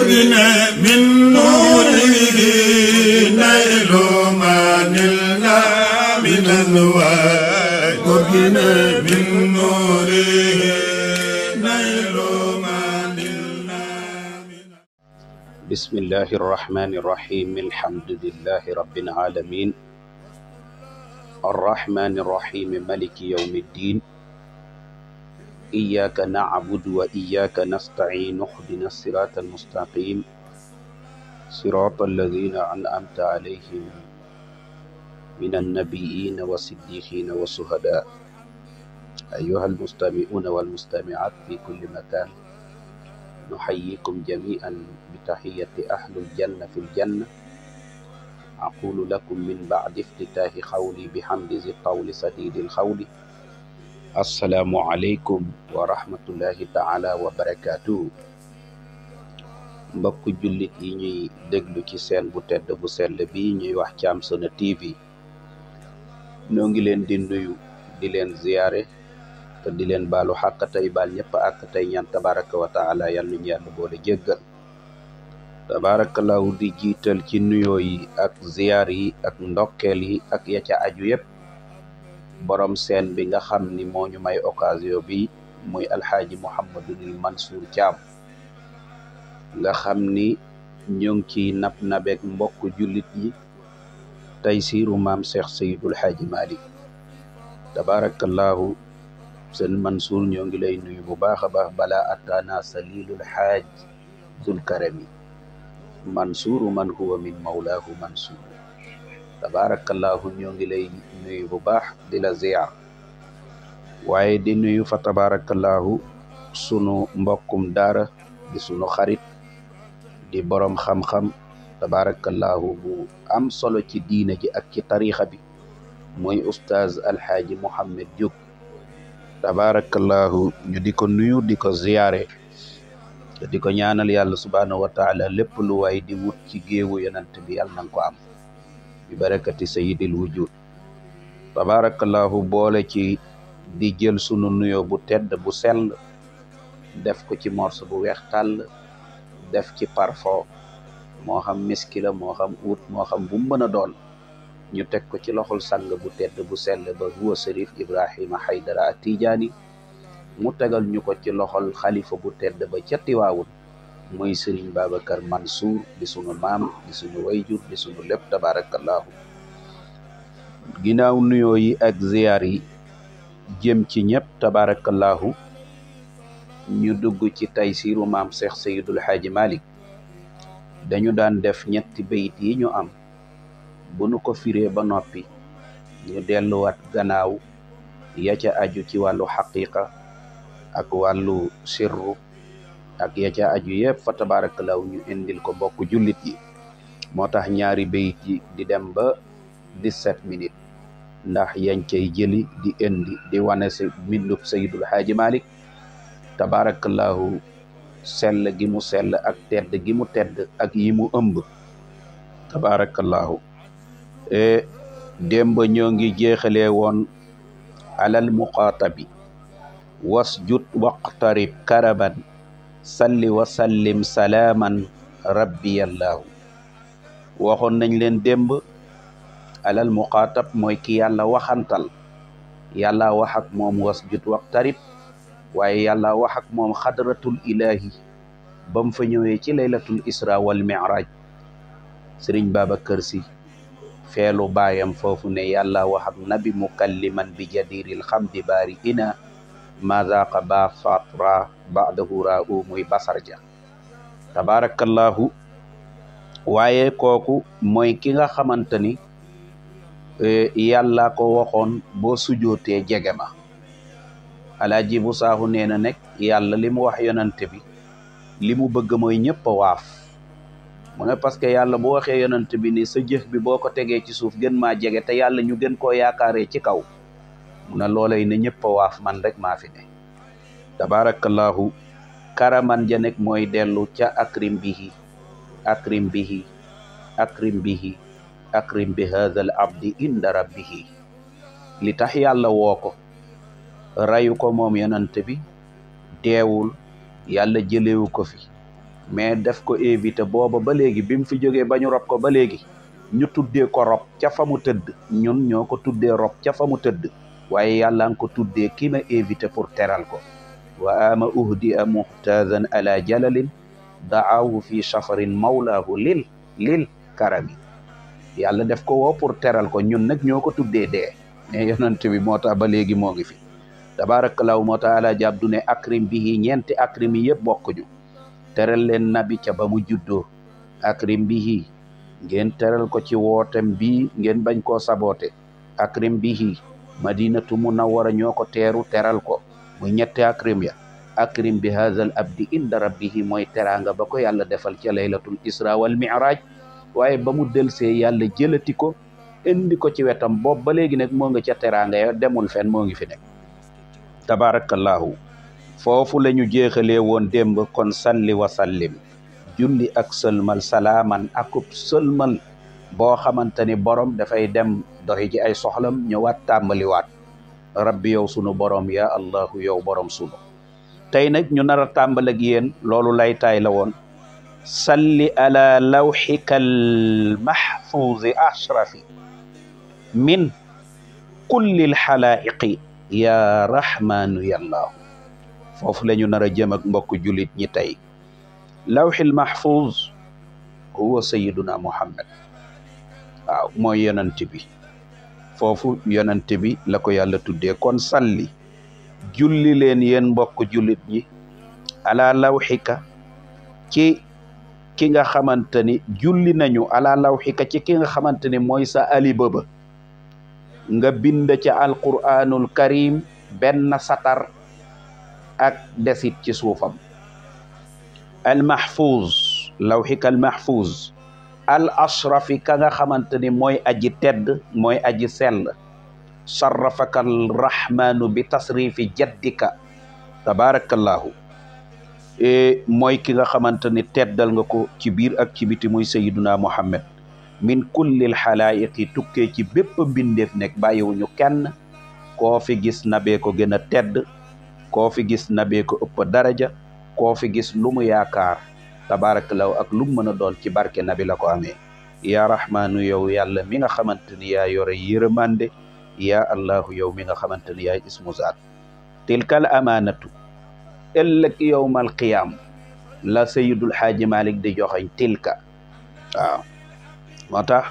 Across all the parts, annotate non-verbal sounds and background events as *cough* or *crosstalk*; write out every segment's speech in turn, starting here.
نورنا من نوره نيل من الله من الوعي نورنا من نوره نيل من بسم الله الرحمن الرحيم الحمد لله رب العالمين الرحمن الرحيم ملك يوم الدين iyyaka na'budu wa iyyaka nasta'in ihdina siratal mustaqim siratal ladhina an'amta alayhim minan nabiyyina was-siddiqina was-shuhada أيها المستمعون والمستمعات في كل مكان نحييكم جميعا بتحية أهل الجنة في الجنة أقول لكم من بعد افتتاح قولي بحمد ذي الطول سديد الخول asalaamualeykum wa rahmatullahi taala wa barakaatu mbokk jullit yi ñuy déglu ci seen bu tedd bu sell bi ñuy wax Thiam Sono TV ñoo ngi leen di nuyu di leen ziyaare te di leen baalu xàq tey baal ñëpp ak tey tabaraka wa taala yal nañu yàlla boole jéggal tabaarakallahu di jiital ci nuyoo yi ak ziyaar yi ak ndokkeel yi ak ya aju yëpp borom seen bi nga xam ni moo ñu may occasion bi muy alxaaji Mouhamadunil Mansour Thiam nga xam ni ñu ngi ciy nab nabek mbokk jullit yi tey siiru maam Cheikh Seydul Xaaji Malik tabarakallahu seen Mansour ñoo ngi lay nuyu bu baax a baax balaa attaana salilul xaaj zul man huwa min mawlaahu Mansour tabarakallahu ñoo ngi lay nuyu bu baax di la ziyaar waaye di nuyu fa tabarakallahu sunu mbokkum daara di sunu xarit di boroom xam-xam tabarakallahu bu am solo ci diina ji ak ci tariixa bi mooy ustaaz alxaaji Mouhamed Diouf tabarakallahu ñu di ko nuyu di ko ziyaare di ko ñaanal yàlla subhaanahu wa taala lépp lu waay di wut ci géewu yonent bi yàlla na am bi barakati sayyidil wujud tabarakallahu boole ci di jël sunu nuyoo bu tedd bu sell def ko ci morso bu weex tàll def ci parfo moo xam miski la moo xam uut moo xam bu mën a doon ñu teg ko ci loxol sang bu tedd bu sell ba huwa Serif Ibrahima Haydara Atijaani mu tegal ñu ko ci loxol xalifa bu tedd ba ca Tiwaawun muy Serigne Babacar Mansour di sunu maam di sunu wayjur di sunu lépp tabarakallahu ginnaaw nuyoo yi ak ziyaar yi jëm ci ñëpp tabaarakallaahu ñu dugg ci taysiiru maam Cheikh Seydul Xaaji Malik dañu daan def ñetti bayit yi ñu am bu nu ko firee ba noppi ñu delluwaat gannaaw ya ca aju ci wàllu xaqiqa ak wàllu sirru ak ya ca aju yëpp fa tabaarakallaahu ñu indil ko mbokk jullit yi moo tax ñaari bayit yi di dem ba dix-sept minutes ndax yañ cay jëli di indi di wane si mbindub Seydul Haaji Malik tabarakallahu sell gi mu sell ak tedd gi mu tedd ak yi mu ëmb tabarakallahu e, démba ñoo ngi jeexale woon alal muqaatabi wasjud waqtarib karaban salli wa sallim salaaman rabbiyallahu waxoon nañ leen démb alal muqaatab mooy ki yàlla waxantal yàlla wax ak moom wasjud waqtarib waaye yàlla wax ak moom xadratul ilahi ba mu fa ñëwee ci laylatul isra wal miraaj sëriñ Babacar Sy feelu baayam foofu ne yàlla wax nabi mukalliman bi jadiril xamdi baari ina mazaqa ba fatra badahu raahu muy basarja tabarakallahu waaye kooku mooy ki nga xamante Eh, yàlla ko waxoon boo sujootee jege ma alaaji bu saaxu nee na nekk yàlla li mu wax yonante bi li mu bëgg mooy ñëpp a waaf mu ne parce que yàlla bu waxee yonante bi ni sa jëf bi boo ko tegee ci suuf gën maa jege te yàlla ñu gën koo yaakaaree ci kaw na ne loolay ne ñëpp a waaf man rek maa fi ne tabaarakallaahu karaman ja nekk mooy dellu ca akrim bihi akrim bihi akrim bihi akrim bi hadha al abdi inda rabbihi li tax yàlla woo ko rayu ko moom yonent bi deewul yàlla jëlewu ko fi mais def ko éviter booba ba léegi bi fi jógee ba ñu rob ko ba léegi ñu tuddee ko rob ca fa mu tëdd ñun ñoo ko tuddee rob ca fa mu tëdd waaye yàlla nga ko tuddee ki ma éviter pour teral ko wa ama uhdi a muhtazan ala jalalin daahu fi safarin mawlaahu lil lil karami yàlla def ko woo pour teral ko ñun nag ñoo ko tuddee dee mais yonent bi moo tax ba léegi moo ngi fi tabaarakallaahu moo tax alaaji Abdu ne akrim bi ñeenti akrim yi yëpp bokkuñu teral leen nabi ca ba mu juddoo akrim bi ngeen teral ko ci wootem bii ngeen bañ koo saboote akrim bi madinatu munawwara ñoo ko teeru teral ko muy ñetti akrim ya akrim bi haazal abdi inda rabbihi mooy teraanga ba ko yàlla defal ca laylatul isra wal mi'raj waaye ba mu delsee yàlla jëlati ko indi ko ci wetam boobu ba léegi nag moo nga ca teraanga ya demul fen moo ngi fi nekk tabarakallahu foofu lañu ñu woon démb kon salli wa sallim julli ak sëlmal salaaman akub sëlmal boo xamante ni borom dafay dem doxi ci ay soxlam ñëwaat tàmbaliwaat rabbi yow sunu borom yaa allahu yow borom sunu tey nag ñu nar a tàmbal ak yéen loolu laytaay la woon salli ala lawxika almaxfuuzi ashrafi min kulli alxalaiqi ya rahmanu yallahu foofu la ñu nar a jëm ak mbokk jullit ñi tey lawxil mahfuuz huwa sayiduna muhammad waaw mooy yonent bi foofu yonent bi la ko yàlla tuddee kon salli julli leen yéen mbokk julit ñi ala lawxika ci ki nga xamante ni julli nañu ala lawxika ci ki nga xamante ni mooy sa alibaba nga bind ca alquranul karim benn satar ak desit ci suufam almahfuz lawxika almahfuz al ashrafi ka nga xamante ni mooy aji tedd mooy aji sell sarrafaka alrahmanu bi tasrifi jaddika tabarakallahu Eh, mooy ki nga xamante ne teddal nga ko ci biir ak ci biti muy sayiduna muhammad min kullil xalaayiqi tukkee ci bépp mbindeef nekk bàyyiwuñu kenn koo fi gis nabee ko gën a tedd koo fi gis nabee ko ëpp daraja koo fi gis lu mu yaakaar tabaarakallahu ak lu mën a doon ci barke nabi la ko amee yaa rahmaanu yow yàlla mi nga xamante ni yaa yore yërëmande ya allahu yow mi nga xamante ni yaay ismuzaat tilkal amaanatu ëllëg yowmal qiyaam la sayidul xaaji malik di joxañ tilka waaw moo tax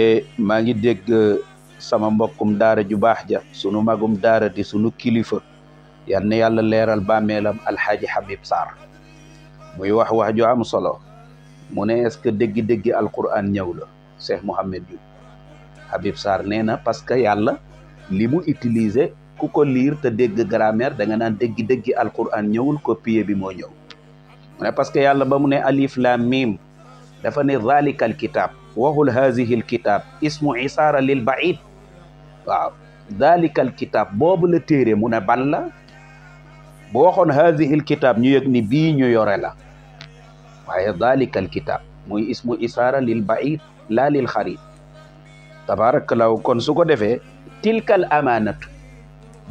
e, maa ngi dégg e, sama mbokkum daara ju baax ja sunu magum daara di sunu kilifa yal na yàlla leeral bàmmeelam alxaaji Habib sar muy wax wax ju am solo mu ne est-ce que dégg-dégg alquran ñëw la Cheikh Mouhamed Diouf Habib Sarr nee na que yàlla li mu utiliser ku ko liir te dégg grammaire da nga naan déggi déggi alquran ñëwul copier bi moo ñëw mu parce que yàlla ba mu ne alif lam mim dafa ne zalika al kitab waxul hazihi al kitab ismu isaara lil baid waaw zalika al kitab boobu la téere mu ne ban la bu waxoon hazihi al ñu yëg ni ñu yore waaye zalika al muy ismu isaara lil baid laa lil xarib tabarakallahu kon su ko tilkal amaanatu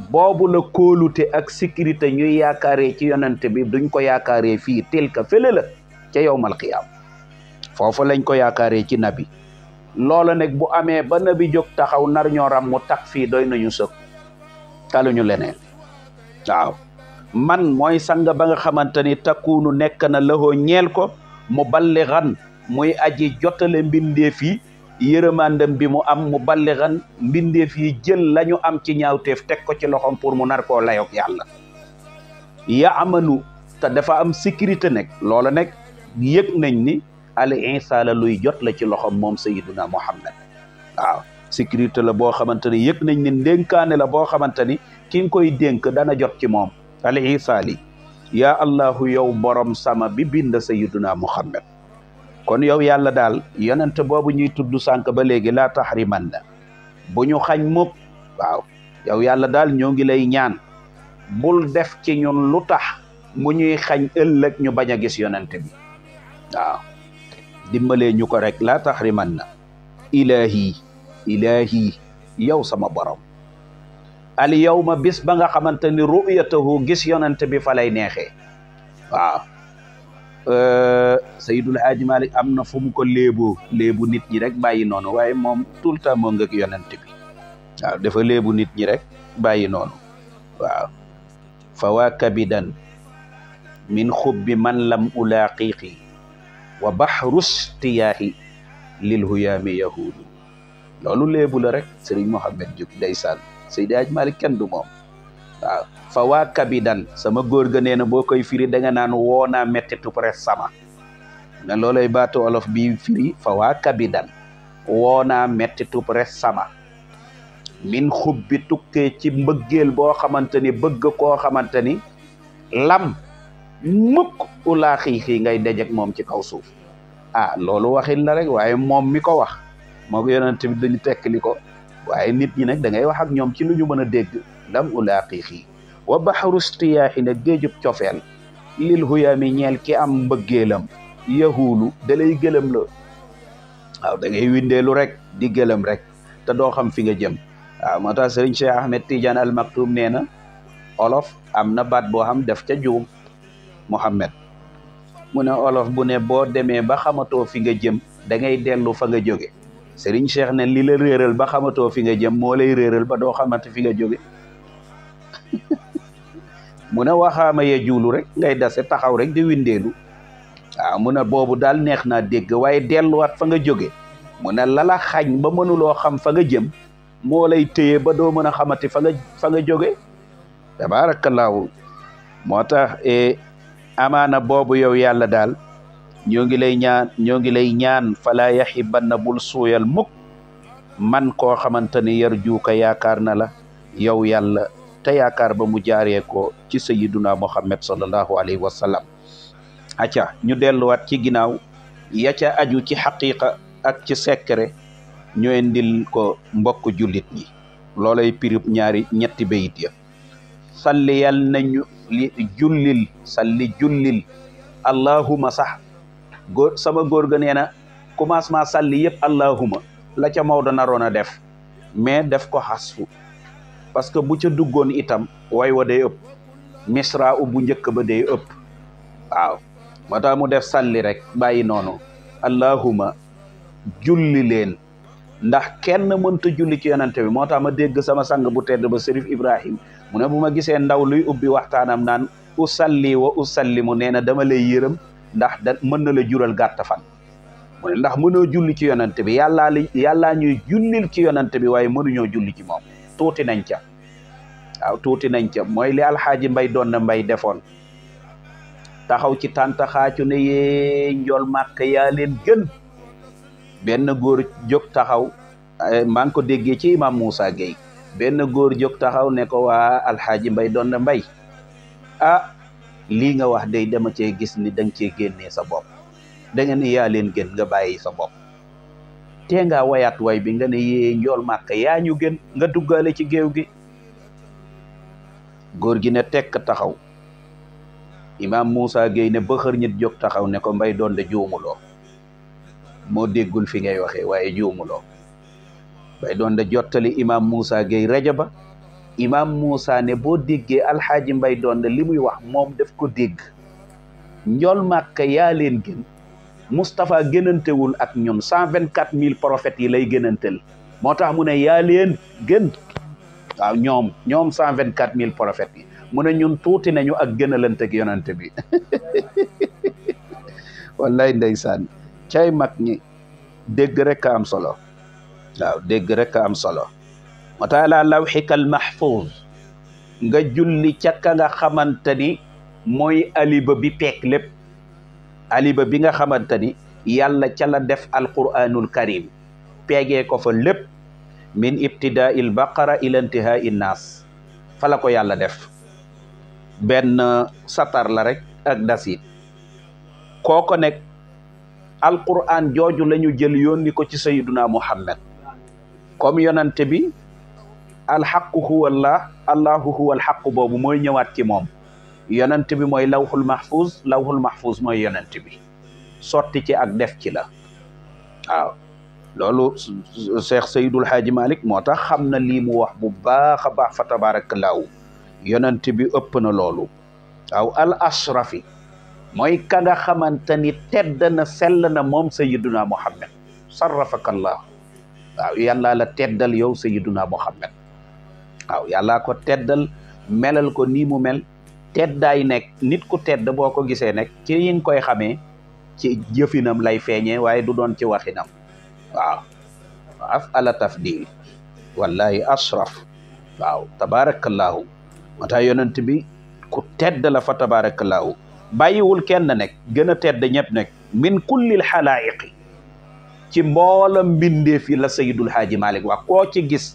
boobu la kóolute ak sécurité ñuy yaakaare ci yonent bi duñ ko yaakaaree fii tilka fële la ca yowmal qiyaam foofu lañ ko yaakaare ci nabi loola nag bu amee ba nabi jóg taxaw nar ñoo ram mu tag fii doy nañu sëg taluñu leneen waaw man mooy sang ba nga xamante ni nu nekk na lahoo ñeel ko mu balligan muy aji jotale mbindeef fii yërëmandam bi mu am mu ballixan mbindeef yi jël lañu am ci ñaawteef teg ko ci loxoom pour mu narko koo layoog yàlla ya amanu te dafa am sécurité nekk loola nekk yëg nañ ni al insa la luy jot la ci loxoom moom sayiduna muhammad waaw sécurité la boo xamante ni yëg nañ ni ndénkaane la boo xamante ni ki nga koy dénk dana jot ci moom al insa li yaa allahu yow borom sama bi bind sayiduna muhammad kon yow yàlla daal yonent boobu ñuy tudd sànq ba léegi laa taxriman na bu ñu xañ mukk waaw yow yàlla daal ñoo ngi lay ñaan bul def ci ñun lu tax mu ñuy xañ ëllëg ñu bañ a gis yonent bi waaw dimbalee ñu ko rek laa taxriman na ilaahi ilaahi yow sama borom al ma bis ba nga xamante ni ru'yatahu gis yonent bi fa lay neexee waaw Euh, Seydul Haaji Malik am na fu mu ko léeboo léebu nit ñi rek bàyyi noonu waaye moom tout le temps moo nga defa yonent léebu nit ñi rek bàyyi noonu waaw fa waa kabidan min xubbi man lam ulaaqiqi wa bahrus tiyaahi lil huyaami yahuudu loolu léebu la rek Serigne Mohamed Diouf ndeysaan Seydi Haaji Malik kenn du moom waaw fa waa kabidan sama góor ga nee na boo koy firi da nga naan woo naa mettitu presse sama ne loolay baatu olof bi firi woo naa mettitu presse sama min xubbi tukkee ci mbëggeel boo xamante ni bëgg koo xamante ni lam mukk ulaa xiixii ngay dejek moom ci kaw suuf a ah, loolu waxin la rek waaye moom mi ko wax moo ko yonent bi dañu tekk li nit ñi nag da ngay wax ak ñoom ci lu ñu mën a dégg lam ulaaqihi wa baxaru stiyaaxi na géejub cofeel lil huyaami ñeel ki am mbëggeelam yahuulu dalay gëlëm la waaw da ngay windeelu rek di gëlëm rek te doo xam fi nga jëm waaw moo tax sëriñ Cheikh Ahmed Tidiane al Maktoum nee na olof am na baat boo xam def ca juum Mohammed mu ne olof bu ne boo demee ba xamatoo fi nga jëm da ngay dellu fa nga jóge seriñ Cheikh ne li la réeral ba xamatoo fi nga jëm moo lay réeral ba doo xamante fi nga jóge *laughs* mu ne waxama ye juulu rek ngay dase taxaw rek di windeelu waaw mu ne boobu daal neex na dégg waaye delluwaat fa nga jóge mu ne lala xaañ ba mënuloo xam fa nga jëm moo lay téye ba doo mën a xamati fa nga fa nga jóge tabaarakallaahu moo tax e, amaana boobu yow yàlla daal ñoo ngi lay ñaan ñoo ngi lay ñaan falaa bul suuyal mukk man koo xamante ni yar juuka yaakaar na la yow yàlla te yaakaar ba mu jaaree ko ci sayyiduna muhammad sallallahu alayhi wa sallam acca ñu delluwaat ci ginnaaw ya ca aju ci xaqiqa ak ci secret ñoo indil ko mbokk jullit ñi loolay pirib ñaari ñetti bayit ya salli yal nañu li jullil salli jullil allahuma sax góor sama góor ga nee na commencement salli yëpp allahuma la ca Maodo naroon a def mais def ko xasfu parce que bu ca duggoon itam way wa day ëpp misra u bu njëkk ba day ëpp waaw moo tax mu def salli rek bàyyi noonu allahuma julli leen ndax kenn mënta julli ci yonante bi moo tax ma dégg sama sang bu tedd ba Serif Ibrahim mu ne bu ma gisee ndaw luy ubbi waxtaanam naan usalli wa usallimu nee na dama lay yërëm ndax da mën na la jural gàtt fan mu ne ndax julli ci yonante bi yàllaa yàllaa ñuy jullil ci yonante bi waaye mënuñoo julli ci moom tuuti nañ ca waaw tuuti nañ ca mooy li alxaaji mbay doon na mbay defoon taxaw ci tànta xaacu ne yee njool màkk yaa leen gën benn góor jóg taxaw eh, maa ngi ko déggee ci imam Moussa Gueye benn góor jóg taxaw ne ko waa alxaaji mbay doon na mbay a ah, lii nga wax day dama cee gis ni danga cee génnee sa bopp da nga ni yaa leen gën nga bàyyi sa bopp tee ngaa wayaat way bi nga ne yee njool màkk yaa ñu gën nga duggaale ci géew gi góor gi ne tekk taxaw imaam Moussa Gueye ne ba xër ñit taxaw ne ko mbay doon de juumuloo moo déggul fi ngay waxe waaye juumuloo mbay doon de jottali imaam Moussa Gueye rajo ba imaam Moussa ne boo déggee alxaaji mbay doon de li muy wax moom def ko dégg njool màkk yaa leen Moustapha gënantewul ak ñun cent vingt quatre mille prophètes yi lay gënantel moo tax mu ne yaa leen waaw ñoom ñoom cent vingt quatre mille prophètes yi mu ne ñun tuuti nañu ak gënalante ak yonante bi *laughs* wallaay ndeysaan cay mag ñi dégg rek am solo waaw dégg rek am solo moo tax laa lawxikal mahfuz nga julli caka nga xamante ni mooy aliba bi peek lépp aliba bi nga xamante ni yàlla ca la def alquranul karim peegee ko fa lépp min ibtidaa baqara ila intihaa in naas fa ko yàlla def benn satar la rek ak dasit kooko nekk alquran jooju la jël yónni ko ci sayiduna muhammad comme yonante bi alxaqu huwa allah allahu huwa alxaqu boobu mooy ñëwaat ci moom yonent bi mooy lawxul mahfuz lawxul mahfuz mooy yonent bi sotti ci ak def ci la waaw loolu Cheikh Seydul Haaji Malik moo tax xam na lii mu wax bu baax a baax fa tabaarakallaahu yonent bi ëpp na loolu waaw al ashrafi mooy ka nga xamante ni tedd na sell na moom sayiduna muhammad sarrafakallaahu waaw yàllaa la teddal yow sayiduna muhammad waaw yàllaa ko teddal melal ko nii mu mel teddaay nekk nit ku tedd boo ko gisee nekk ci yin koy xame ci jëfinam lay feeñe waaye du doon ci waxinam waaw af ala tafdil wallahi ashraf waaw tabarakallahu moo tax yonent bi ku tedd la fa tabarakallahu bàyyiwul kenn nekk gën tedd ñëpp nekk min kullil xalaayiqi ci mboolam mbindeef la sayidul haaji malik wax koo ci gis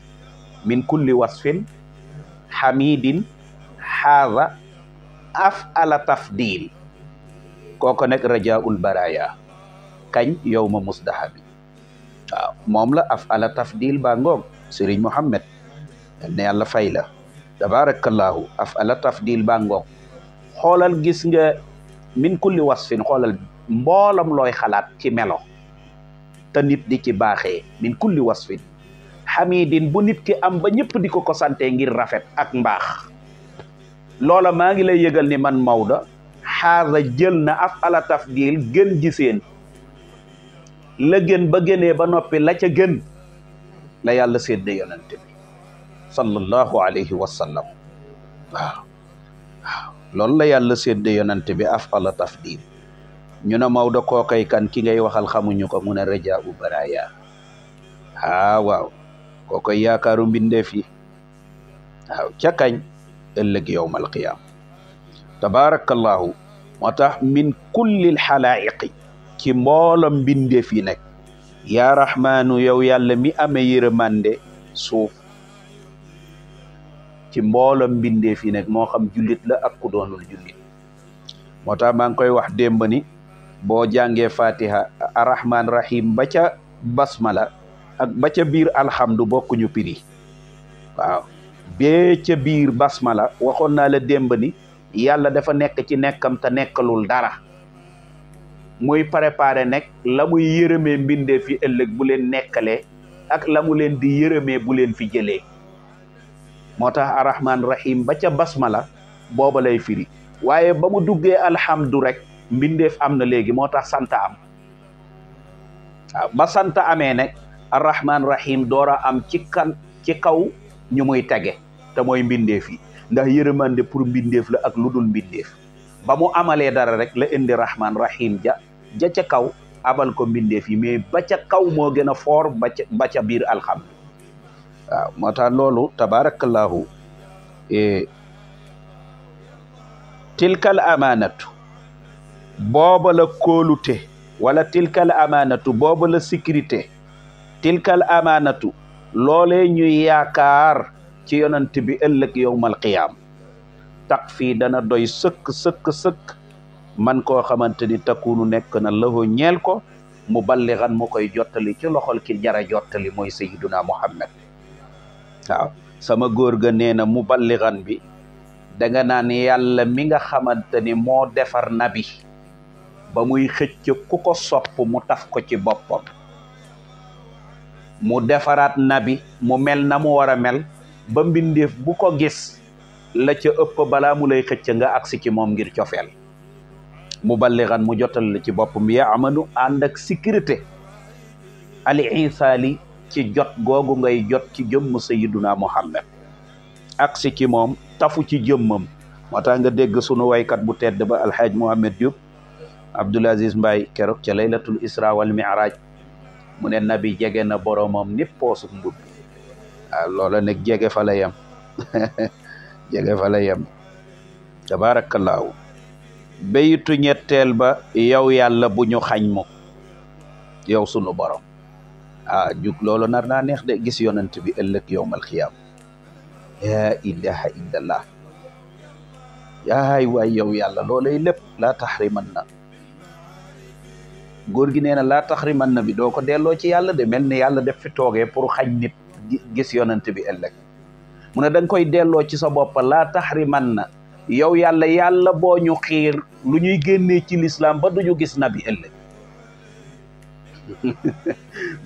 min kulli wasfin hamidin xaada af ala tafdil kooko nag rajaul baraya kañ yow ma musdahabi waaw moom la af ala tafdil ba ngoog Serigne Mohammed ne yàlla fay la tabarakallahu af ala tafdil ba ngoog xoolal gis nga min kulli wasfin xoolal mboolam looy xalaat ci melo te nit di ci baaxee min kulli wasfin xamidin bu nit ki am ba ñëpp di ko ko sante ngir rafet ak mbaax loola maa ngi lay yëgal ni man Maodo xaasa jël na af ala tafdil gën ji la gën ba gëne ba noppi la ca gën la yàlla sédde yonent bi sallallahu alayhi wa sallam waaw la yàlla sédde yonent bi af ala tafdil ñu ne Maodo kookay kan ki ngay waxal xamuñu ko mu ne raja u baraya ah waaw kookoy yaakaaru mbindeef yi waaw ca kañ ëllëg yow qiyaam tabaarakallaahu moo tax min kullil xalaayiqi ci mboolam mbindeef yi nekk yaa rahmaanu yow yàlla mi amee yërëmande suuf ci mboolam mbindeef yi moo xam jullit la ak ku doonul moo tax maa ngi koy wax dembani boo jàngee fatiha arrahman rahim ba ca basmala ak ba ca biir alhamdu bokkuñu piri waaw bee ca biir basmala waxoon naa la démb ni yàlla dafa nekk ci nekkam te nekkalul dara muy préparé nekk la muy yërëmee mbindee fi ëllëg bu leen nekkalee ak la mu leen di yërëmee bu leen fi jëlee moo tax arrahman rahim ba ca basmala booba lay firi waaye ba mu duggee alhamdu rek mbindeef am na léegi moo tax sant am ba sant amee nag arrahman rahim doora am ci ci kaw ñu muy tege te mooy mbindeef yi ndax yërëmande pour mbindeef la ak lu dul mbindeef ba mu amalee dara rek la indi rahman rahim ja ja ca kaw amal ko mbindeef yi mais ba ca kaw moo gën a foor ba ba ca biir alhamdu waaw moo tax loolu tabarakallahu e, tilkal amaanatu booba la kóolute wala tilkal amanatu booba la sécurité tilkal amanatu loole ñuy yaakaar ci yonant bi ëllëg yowmal qiyaam tax fii dana doy sëkk sëkk sëkk man koo xamante ni takkuunu nekk na lahu ko mu balliran mu koy jottali ci loxol ki jara jottali mooy sayiduna muhammad waaw sama góor ga nee na mu balliran bi danga naan yàlla mi nga xamante ni moo defar nabi ba muy xëcc ku ko sopp mu taf ko ci boppam mu defaraat nabi mu mel na mu war a mel ba mbindeef bu ko gis la ca ëpp balaa mu lay xëcc nga agsi moom ngir cofeel mu balliran mu jotal la ci boppam ya amanu ànd ak sécurité ali insali ci jot googu ngay jot ci jëmm sayiduna muhammad agsi ki moom tafu ci jëmmam moo tax nga dégg sunu waykat bu tedd ba alxaaj Mohamed Diop Abdoul Aziz Mbaye keroog ca laylatul isra wal mi'raj mu ne nabi jege na boromam ni poosub mbubb waaw ah, loola nag jege fa la yem *laughs* jege fa la yem tabaarakallaahu béytu ba yow yàlla bu ñu xañ mu yow sunu borom a ah, jug loolu nar naa neex de gis yonent bi ëllëg yowmal xiyaam laa ilaha illallah yaay waay yow yàlla loolay lépp laa taxriman na góor gi nee na laa taxriman na bi doo ko delloo ci yàlla de mel ni yàlla def fi toogee pour xaj nit gis yonent bi ëllëg mu ne da koy delloo ci sa bopp laa taxriman na yow yàlla yàlla boo ñu xiir lu ñuy génnee ci lislaam ba duñu gis nabi ëllëg *laughs*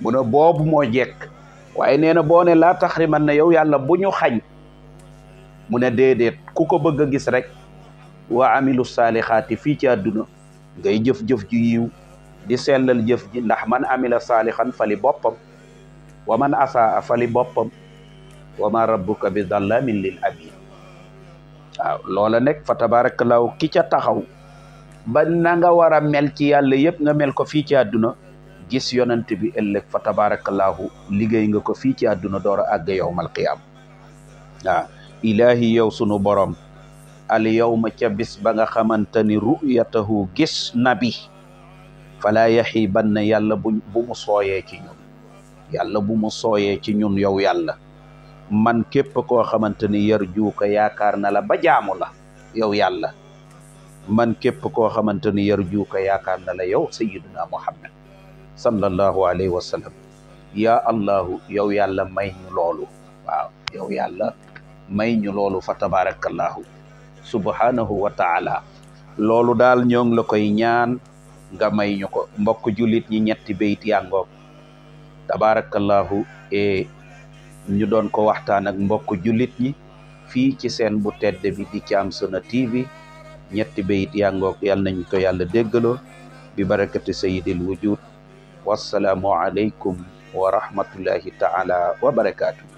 mu ne boobu moo jekk waaye nee na boo ne laa taxriman na yow yàlla bu ñu xañ mu ne déedéet ku ko bëgg a gis rek waa amilu saalixaati fii ci àdduna ngay jëf-jëf yiw di sellal jëf ji ndax man amila saalixan fali boppam wa man asaa fali boppam wa ma rabbuka bi dallamin lil abid waaw loola nekk fa tabaarakallaahu ki ca taxaw ba na nga war a mel ci yàlla yëpp nga mel ko fii ci àdduna gis yonent bi ëllëg fa tabaarakallaahu liggéey nga ko fii ci àdduna door a àgg yowmal qiyaam waaw ilaahi yow sunu borom al yowma ca bis ba nga xamante ni gis nabi ban na yàlla bu mu sooyee ci ñun yàlla bu mu sooyee ci ñun yow yàlla man képp ko xamante ni yar juuka yaakaar na la ba jaamu la yow yàlla man képp koo xamante ni yar juuka yaakaar na la yow sayyiduna muhammad sallallahu alayhi wa sallam yaa allahu yow yàlla may ñu loolu waaw yow yàlla may ñu loolu fa tabarakallahu subhanahu wa taala loolu daal ñoo la koy ñaan nga may ñu ko mbokk jullit ñi ñetti bayt yangoog tabarakallahu e ñu doon ko waxtaan ak mbokk jullit ñi fii ci seen bu tedd bi di Thiam Sono TV ñetti bayt yangoog yàlla nañ ko yàlla déggaloo bi barakati sayidil wujud wassalaamu aleykum wa rahmatullahi taala wa barakaatu